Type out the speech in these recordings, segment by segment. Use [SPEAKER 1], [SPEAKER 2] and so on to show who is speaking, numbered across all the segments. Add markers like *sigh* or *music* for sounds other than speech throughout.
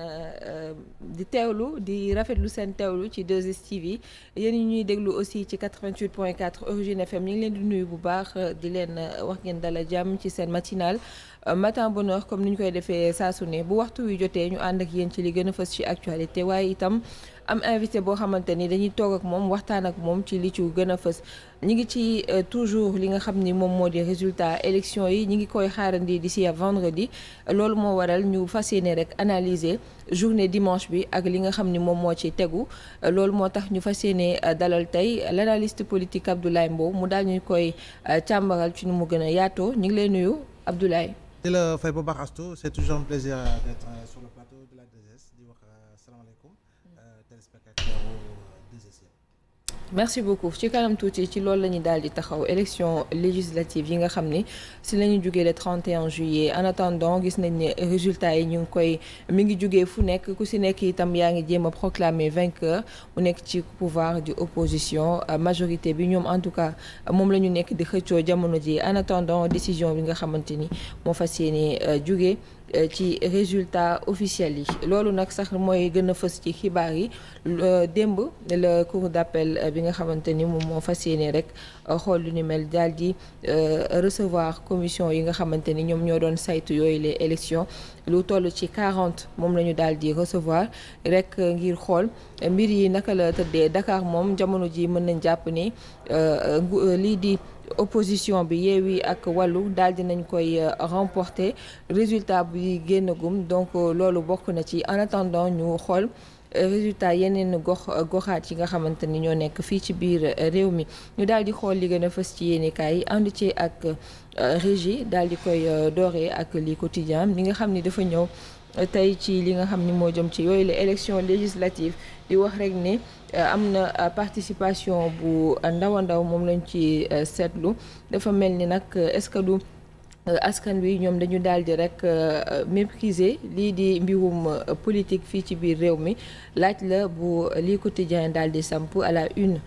[SPEAKER 1] Euh, euh, di teewlu di rafetlu seen teewlu ci 2STV yi yéen ñi ñuy déglu aussi ci 88 point 4 Origine FM ñu ngi leen di nuyu bu baax di leen euh, wax ngeen dala jàmm ci seen matinal matin bonheur comme ni ñu koy defee saa su ne bu waxtu wi jotee ñu ànd ak yéen ci li gën a fës ci actualité waaye itam. am invité boo xamante ni dañuy toog ak moom waxtaan ak moom ci li ci gën a fës ñi ngi ci euh, toujours li nga xam ni moom moo di résultat élection yi ñi ngi koy xaarandi di si à vendredi loolu moo waral ñu fas yéene rek analyser journée dimanche bi ak li nga xam ni moom moo ci tegu loolu moo tax ñu fas yéene euh, dalal tey l'analyste politique Abdoulaye Mbow mu daal ñu koy euh, càmbaral ci ñu mu gën a yaatoo ñu ngi lay nuyu Abdoulaye.
[SPEAKER 2] di bu baax Astou c'est toujours un merci beaucoup ci kanam tuuti
[SPEAKER 1] ci loolu la ñu daal di taxaw élection législative yi nga xam ni si la ñu jugee le juillet en gis nañ ne résultats yi ñu ngi koy mi ngi jugee fu nekk ku si nekk itam yaa ngi jéem a proclamer vainqueur mu nekk ci pouvoir du opposition euh, majorité bi ñoom en tout cas moom la ñu nekk di xëccoo jamono ji en décision bi nga xamante ni moo fas yéene euh, jugee. Euh, ci résultat officiel yi loolu nag sax mooy gën a fës ci xibaar yi euh, démb la cour d'appel euh, bi nga xamante ni moom moo fas yéene rek xool lu ni mel daal di recevoir commission yi nga xamante ni ñoom ñoo doon saytu yooyu les élections lu toll ci 40 moom la ñu daal di recevoir rek ngir xool mbir yi naka la tëddee Dakar moom jamono ji mën nañ jàpp ni lii di opposition bi Yewwi ak Wallu daal di nañ koy euh, remporter résultat bi génnagum donc euh, loolu bokk na ci en attendant ñu xool euh, résultat yeneen gox goxaat yi nga xamante ni ñoo nekk fii ci biir réew mi ñu daal di xool li gën fës ci yéenekaay yi ànd ci ak régie daal di koy dooree ak li quotidien li nga xam ni dafa ñëw. tey ci li nga xam ni moo jom ci yooyu la élection législative di wax rek ni euh, am na euh, participation bu ndaw a ndaw moom lañ ci euh, seetlu dafa mel ni nag est-ce que du askan wi ñoom dañu daal di rek mépriser lii di mbirum politique fii ci biir réew mi laaj la bu lii quotidien daal di samp à la une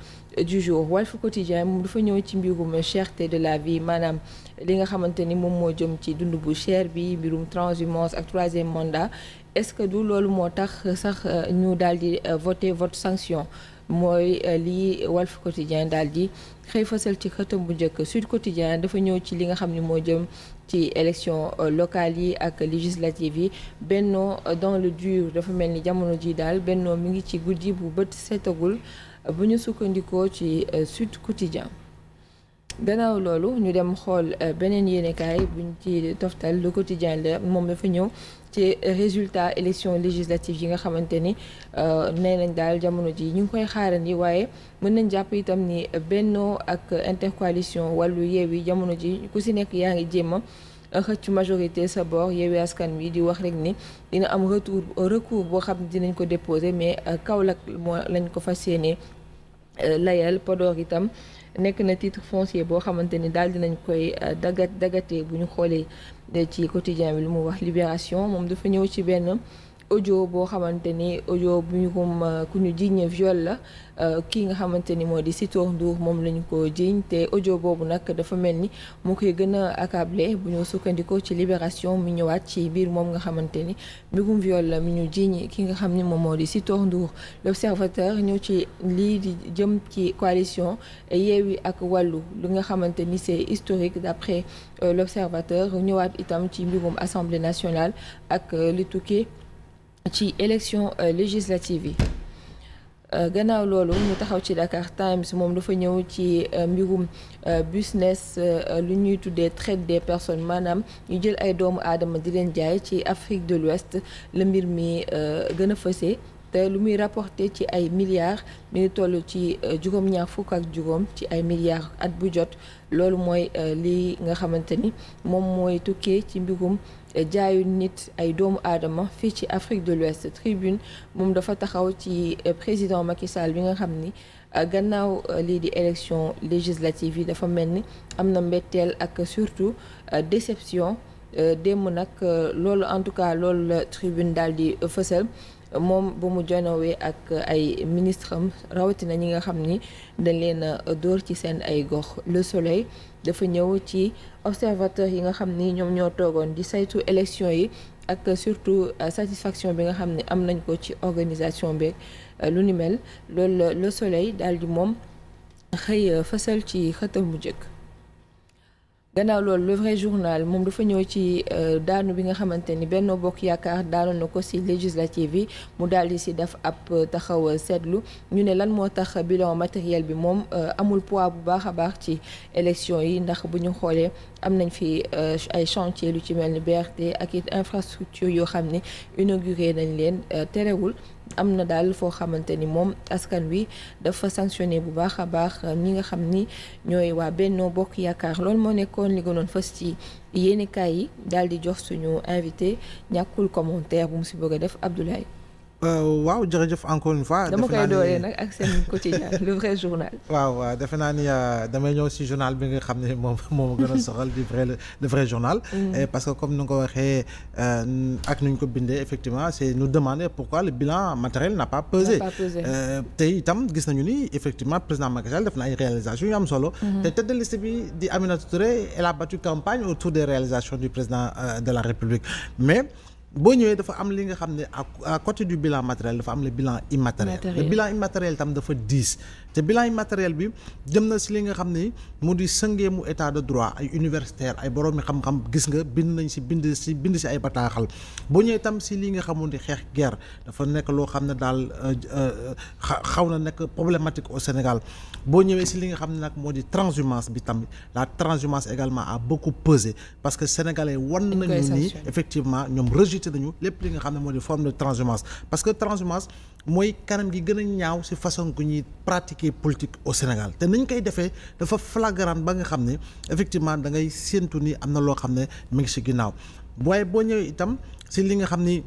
[SPEAKER 1] du jour Walf Quotidien dafa ñëw ci mbirum cherté de la vie maanaam li nga xamante ni moom moo jëm ci dund bu cher bi mbirum transhumance ak troisième mandat est-ce que du loolu moo tax sax euh, ñu daal di euh, voter vote sanction mooy euh, li Walf Quotidien daal di xëy fasal ci xëtam bu njëkk Sud Quotidien dafa ñëw ci li nga xam ni moo jëm ci élection locale yi ak législative yi Benno dans le dur dafa mel ni jamono ji daal bennoo mi ngi ci guddi bu bët setagul bu ñu sukkandikoo ci euh, Sud Quotidien gannaaw loolu ñu dem xool euh, beneen yéenekaay buñ ci toftal lu Quotidien la moom dafa ñëw ci résultat élection législative yi nga xamante ni euh, nee nañ daal jamono ji ñu ngi koy xaarandi waaye mën nañ jàpp itam ni Benno ak intercoalition wàllu Yewwi jamono ji ku si nekk yaa ngi jéema xëcc majorité sa boor Yewwi Askan Wi di wax rek ni dina am retour recours boo xam ne dinañ ko déposé mais Kaolack moo lañ ko fa yéenee Euh, layal Podor itam nekk na tiitre foncier boo xamante ni daal dinañ koy euh, dagat dagatee bu ñu xoolee euh, ci quotidien bi lu muy wax Libération moom dafa ñëw ci benn ojo boo xamante ni audio bu ñu ko ku ñu jiiñee viol la euh, kii nga xamante ni moo di Sitor Ndour moom lañu ko jiiñ te audio boobu nag dafa mel ni mu koy gën a accablé bu ñu sukkandikoo ci libération mi ñëwaat ci biir moom nga xamante ni mbirum viol la mi ñu jiiñ ki nga xam ni moom moo di Sitor Ndour l'observateur ñëw ci lii di jëm ci coalition Yewwi ak Wallu li nga xamante ni c'est historique d'après euh, l'observateur ñëwaat itam ci mbirum assemblée nationale ak euh, li tukki ci élection euh, législative yi euh, gannaaw loolu ñu taxaw ci Dakar Times moom dafa ñëw ci euh, mbirum business lu ñuy tuddee traite de personnes maanaam ñu jël ay doomu aadama di leen jaay ci Afrique de l'Ouest la mbir mi gën a fësee te lu muy rapporté ci ay milliards mi ngi toll ci juróom ak juróom ci ay milliards at bu jot loolu mooy lii nga xamante ni moom mooy tukkee ci mbirum jaayul nit ay doomu aadama fii ci Afrique de l'Ouest tribune moom dafa taxaw ci eh, président Macky bi nga xam ni eh, gannaaw eh, lii di élection législative yi dafa mel ni am na mbetteel ak surtout déception démb nag loolu en tout cas loolu la tribune daal di fësal moom bu mu jonowee ak ay ministre am rawatina ñi nga xam ni dañ leen dóor ci seen ay gox le soleil dafa ñëw ci observateur yi nga xam ni ñoom ñoo toogoon di saytu élection yi ak surtout euh, satisfaction bi nga xam ne am nañ ko ci organisation bi euh, lu ni mel loolu le soleil daal di moom xëy euh, fësal ci xëtam bu njëkk gannaaw loolu le vrai journal moom dafa ñëw ci euh, daanu bi nga xamante ni Benno Bokk Yaakaar daanu na ko si législative yi mu daal di si def ab euh, taxaw euh, seetlu ñu ne lan moo tax bilon matériel bi moom amul pois bu baax a baax ci élection yi ndax bu ñu xoolee am nañ fi euh, ay chantier lu ci mel ni BRT ak it infrastructure yoo xam ne inauguré nañ leen euh, terewul am na daal foo xamante ni moom askan wi dafa sanctionné bu baax a baax ñi nga xam ni ñooy waa Benno Bokk Yaakaar loolu moo nekkoon li gënoon fas ci yéenekaay yi daal di jox suñu invité ñàkkul commentaire bu mu si bëgg a def Abdoulaye
[SPEAKER 2] Euh, waaw jërëjëf encore une fois. dama koy doole nag
[SPEAKER 1] ak seen quotidien le vrai journal.
[SPEAKER 2] *laughs* waaw waaw defe naa ni euh, damay ñëw si journal bi nga xam ne *laughs* moom moo gën a soxal di vrai journal. Mm. parce que comme ni nga ko waxee euh, ak nu ñu ko bindee effectivement c' est nous demander pourquoi le bilan matériel n' a pas pesé. te itam gis nañu ni effectivement président Macky Sall def na ay réalisations am solo. Mm-hmm. te tête de liste bi di Aminata Touré elle a battu campagne autour boo ñëwee dafa am li nga xam ne ak côté du bilan matériel dafa am le bilan immatériel le bilan tam dafa diis te bilan matériel bi jëm na si li nga xam ne mu di sëngee mu état de droit ay universitaire ay boroomi xam-xam gis nga bind nañ si bind si bind si ay bataaxal boo ñëwee tam si li nga xamoon di xeex ger dafa nekk loo xam ne daal euh, euh, xaw na nekk problématique au Sénégal boo ñëwee si li nga xam ne nag moo di transhumance bi tam la transhumance également a beaucoup pesé parce que sénégalais wan nañu ni effectivement ñoom rejeté nañu lépp li nga xam ne moo di forme de transhumance parce que transhumance mooy kanam gi gën a ñaaw si façon gu ñuy pratiquer politique au Sénégal te nañ koy defee dafa flagrant ba nga xam ne effectivement da ngay séentu ni am na loo xam ne mu ngi si ginnaaw waaye boo ñëwee itam si li nga xam ni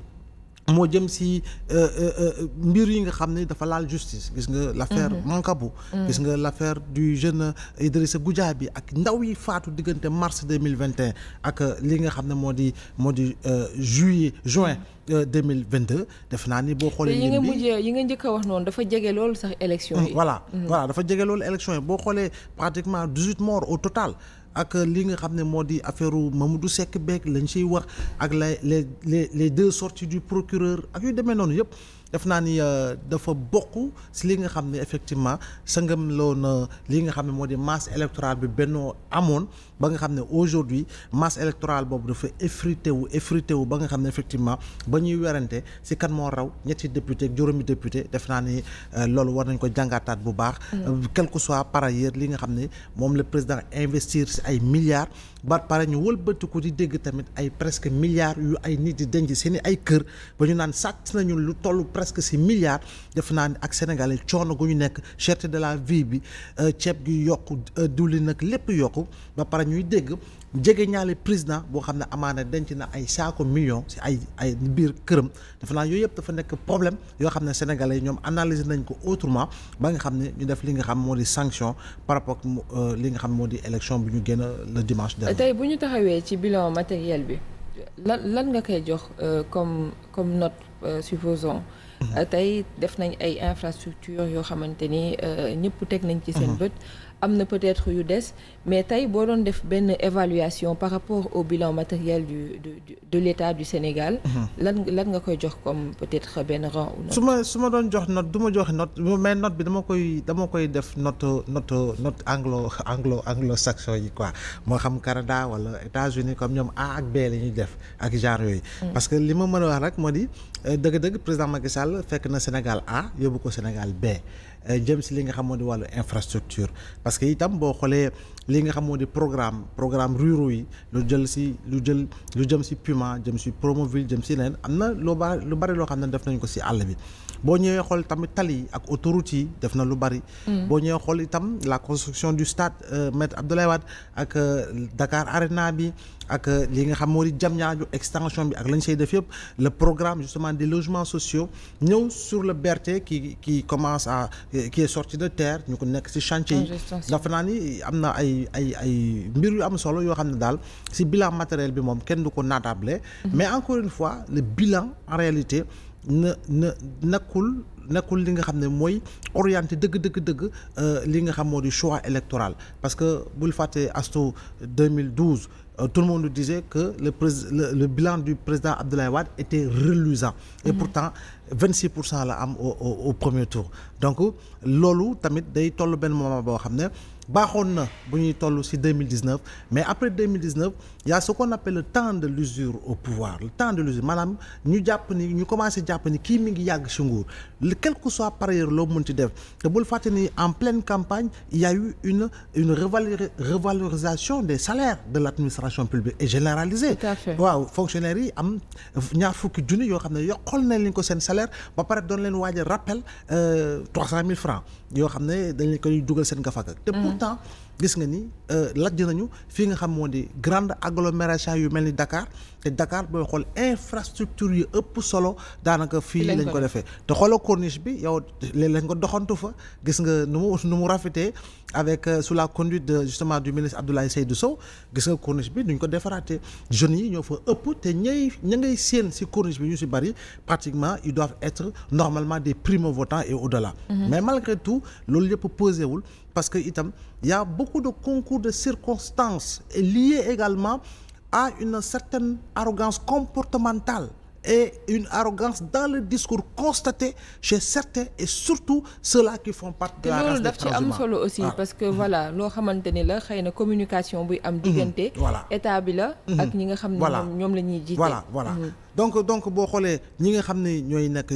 [SPEAKER 2] moo jëm si euh, euh, euh, mbir yi nga xam ne dafa laal justice gis nga l'affaire mhm. Mankabou mhm. gis nga l'affaire du jeune Idrissa bi ak ndaw yi faatu diggante mars deux mille vingt et ak li nga xam ne moo di moo di juillet juin mhm. 2022 euh, def naa ni boo xoolee yi nga mujjee
[SPEAKER 1] yi nga njëkk wax noonu dafa jege loolu sax élection mm, yi
[SPEAKER 2] voilà mm. voilà dafa jege loolu élection yi boo xoolee pratiquement 18 morts au total ak euh, lii nga xam ne moo di affaire ma du sekk beeg lañ ciy wax ak la les les les deux sorti du procureur ak yu demee noonu yëpp def naa ni euh, dafa bokk si li nga xam ne effectivement sëngam loon lii nga xam ne moo di masse électorale bi bennoo amoon ba nga xam ne aujourd'hui masse électorale boobu dafa effrité wu effrité wu ba nga xam ne effectivement ba ñuy werante si kan moo raw ñetti député ak juróomi député def naa ni euh, loolu war nañ ko jàngaataat bu baax mm. euh, quel que soit par ailleurs li nga xam ne moom la président investir si ay milliards ba pare ñu wëlbatiku di dégg tamit ay presque milliards yu ay nit di denc seen i ay kër ba ñu naan sàcc nañu lu tollu presque si milliards def naa ni ak sénégalais coono gu ñu nekk cherté de la vie bi euh, ceeb gi yokku diwlin nag lépp yokku ñuy dégg jege ñaale président boo xam ne amaana denc na ay saako million si ay ay biir këram dafa naa yooyu yëpp dafa nekk problème yoo xam ne sénégalais yi ñoom analyser nañ ko autrement ba nga xam ne ñu def li nga xam moo di sanction par rapport euh, li nga xam moo di élection bi ñu génn le dimanche dernier.
[SPEAKER 1] tey bu ñu taxawee ci bilan matériel bi lan lan nga koy jox euh, comme comme note euh, supposons. Mm-hmm. tey def nañ ay infrastructure yoo xamante ni ñëpp teg nañ ci seen mm-hmm. bët. am na peut-être yu des mais tey boo doon def benn évaluation par rapport au bilan matériel du de de l'État du Sénégal. Mhm. lan lan nga koy jox comme peut-être benn rang. su
[SPEAKER 2] ma su ma doon jox not du ma joxe note mais not bi dama koy dama koy def note note note anglo anglo anglo-saxon yi quoi moo xam Canada wala États-Unis comme ñoom A ak B la ñuy def ak genre yooyu. Mm. parce que li ma mën a wax rek moo di euh, dëgg-dëgg président Macky Sall fekk na Sénégal A yóbbu ko Sénégal B. Euh, jëm si li nga xam di wàllu infrastructure parce que itam boo xoolee li nga xam moo di programme programme ruraux yi lu jël si lu jël lu jëm si Puma jëm si Promoville jëm si leneen am na lu bari loo xam ne def nañ ko si àll bi boo ñëwee xool tamit tali yi ak autoroute yi def na lu bari. Mm. boo ñëwee xool itam la construction du stade euh, Maître Abdoulaye ak euh, Dakar Arena bi. ak euh, li nga xam moo di Diamniadio extension bi ak lañ sey def yëpp le programme justement di logements sociaux ñëw sur le BRT qui qui commence à euh, qui est sorti de terre ñu ko nekk ci chantier yi dafa naa ni am na ay ay ay mbir yu am solo yoo xam ne daal ci bilan matériel bi moom kenn du ko naatable mm-hmm. mais encore une fois le bilan en réalité na na nakkul nekkul li nga xam ne mooy orienté dëgg dëgg dëgg euh, li nga xam moo di choix électoral parce que bul fàtte astu 2012 euh, tout le monde disait que le le le bilan du président Abdoulaye Wade était reluisant. et mhm. pourtant 26 pour cent la am au au au premier tour donc loolu tamit day toll benn moment boo xam ne. baaxoon na bu ñuy toll ci 2019 mais après 2019 il y a ce qu'on appelle le temps de l'usure au pouvoir le temps de l'usure maanaam ñu jàpp ni ñu commencé jàpp ni kii mi ngi yàgg ci nguur quel que soit par loo mën ci def te bul fàtte ni en pleine campagne il y a eu une une revalori revalorisation des salaires de l'administration publique et généralisé tout à waaw fonctionnaires yi am ñaar fukki junni yoo xam ne yokkal nañ leen ko seen salaire ba pare doon leen waaj a rappel 300000 euh, francs yoo xam ne dañ leen koy dugal seen gafaka. te pourtant gis nga ni euh, lajj nañu fi nga xam moo di grande agglomération yu mel ni dakaar te dakaar booy xool infrastructure yu ëpp solo daanaka fii lañ ko defee te xoolal corniche bi yow léeg lañ ko doxantu fa gis nga nu mu nu mu rafetee avec euh, su la conduite de justement du ministre Abdoulaye Seydou Sow gis nga corniche bi duñ ko defaraatee jeunes yi ñoo fa ëpp te ñay ña ngay séen si corniche bi ñu si bari partiquement ils doivent être normalement des primo-votants et au-delà mhm. mais parce que itam y a beaucoup de concours de circonstances liés également à une certaine arrogance comportementale et une arrogance dans le discours constaté chez certains et surtout ceux-là qui font partie de la race des transhumants te loolu daf ci am solo aussi ah. parce
[SPEAKER 1] que mm voilà loo xamante ni la xëy na communication buy am mm-hmm. diggante état bi la ak mm-hmm. ñi nga xam ne ñoom la
[SPEAKER 2] ñuy jiite voilà donc donc boo xoolee ñi nga xam ne ñooy nekk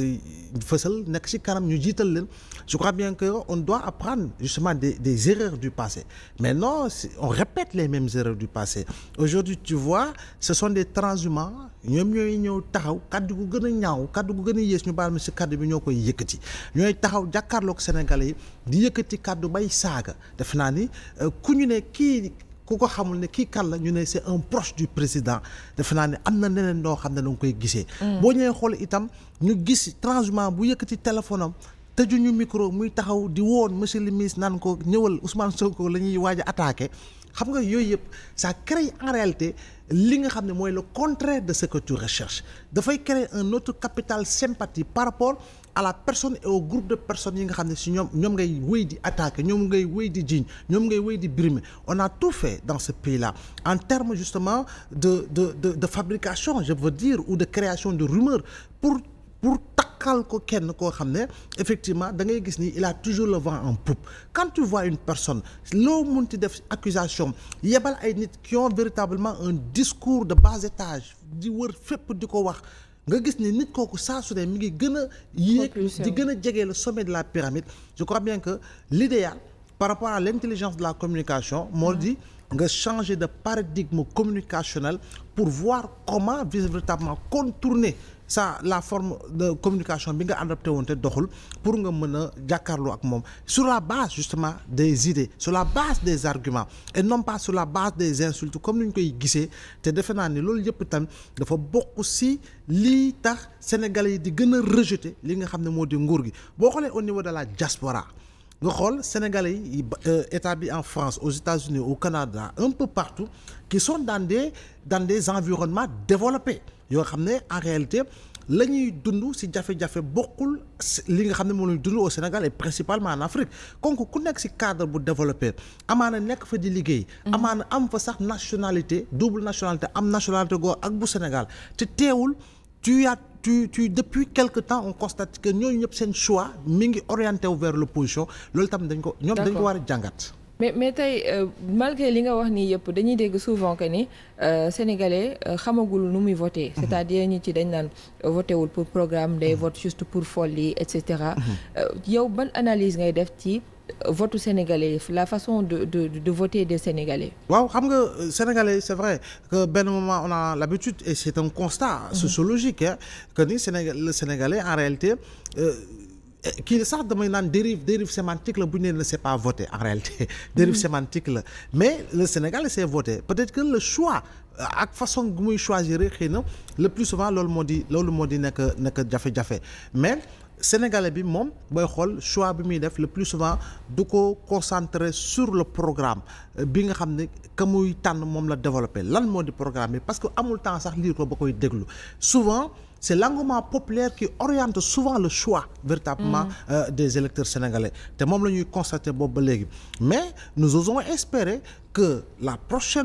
[SPEAKER 2] fësal nekk ci kanam ñu jiital leen je crois bien que on doit apprendre justement des des erreurs du passé mais non on répète les mêmes erreurs du passé aujourd'hui tu vois ce sont des transhumants ñoom ñooy ñëw taxaw kaddu gu gën a ñaaw kàddu gu gën a yées ñu baal ma ci kaddu bi ñoo koy yëkkati ñooy taxaw jàkkaarlook sénégal yi di yëkkati kàddu bay saaga def naa ni euh, ku ñu ne kii ku ko xamul ne kii kan la ñu ne c'est un proche du président defe naa ne am na neneen noo xam ne da nga koy gisee. Mm. boo ñëwee xool itam ñu gis transhumant bu yëkkati téléphone am tëju ñu micro muy taxaw di woon monsieur le ministre naan ko ñëwal Ousmane Sonko la ñuy waaj attaqué xam nga yooyu yëpp ça crée en réalité li nga xam ne mooy le contrer de ce que tu recherches dafay créer un autre capital sympathie par rapport. à la personne et au groupe de personnes yi nga xam ne si ñoom ñoom ngay wéy di attaquer ñoom ngay wéy di jiiñ ñoom ngay wéy di brimer on a tout fait dans ce pays-là en termes justement de de de de fabrication je veux dire ou de création de rumeurs pour pour takkal ko kenn koo xam ne effectivement da ngay gis ni il a toujours le vent en poupe quand tu vois une personne loo mun ti def accusation yebal ay nit qui ont véritablement un discours de bas étage di wër fépp di ko wax nga gis ni nit kooku saa su ne mi ngi gën a yéeg di gën a jege le sommet de la pyramide je crois bien que l'idéal par rapport à l'intelligence de la communication moo di nga changer de paradigme communicationnel pour voir comment véritablement contourner sa la forme de communication bi nga adopté woon te doxul pour nga mën a jàkkaarloo ak moom sur la base justement des idées sur la base des arguments et non pas sur la base des insultes comme ni ñu koy gisee te defe naa ni loolu yëpp tamit dafa bokk si lii tax sénégalais yi di gën a rejeter li nga xam ne moo di nguur gi boo xoolee au niveau de la diaspora nga xool sénégalais yi euh, bi en France aux États-Unis au Canada un peu partout qui sont dans des dans des environnements développés yoo xam ne en réalité la ñuy dund si jafe-jafe bokkul li nga xam ne moom la ñuy dund au Sénégal et principalement en Afrique kon ku nekk si cadre bu développé amaana nekk fa di liggéey. Mhm. amaana am fa sax nationalité double nationalité am nationalité goo ak bu Sénégal te teewul tu as tu depuis quelque temps on constate que ñooñu ñëpp seen choix mi ngi orienté wu vers l'opposition loolu tamit dañ ko. ñoom dañ ko war a jàngat.
[SPEAKER 1] mais mais tey euh, malgré li nga wax nii yëpp dañuy dégg souvent que ni euh, sénégalais euh, xamagul nu muy voté. Mhm. c'est-à-dire ñi ci dañ naan voté wul pour programme day mhm. vote juste pour folie et cetera. Mhm. yow ban analyse ngay def ci votu sénégalais la façon de de de voter des sénégalais.
[SPEAKER 2] waaw xam nga sénégalais c'est vrai que benn moment on a l'habitude et c'est un constat sociologique que ni Sénégal le en réalité. Eh, kii sax damay naan dérive dérive sémantique la bu ñu nee ne c'est pas voté en réalité *laughs* dérive mm-hmm. sémantique la mais le Sénégal s'est voté peut-être que le choix euh, ak façon gu muy choisir xëy na le plus souvent loolu moo di loolu moo di nekk nekk jafe-jafe mais sénégalais bi moom booy xool choix bi muy def le plus souvent du ko concentrer sur le programme euh, bi nga xam ne ka muy tànn moom la développé lan moo di programme bi parce que amul temps sax lire ko ba koy déglu souvent c'est l'engouement populaire qui oriente souvent le choix véritablement mm. euh, des électeurs sénégalais te moom la ñuy constater boobu ba léegi mais nous osons espérer que la prochaine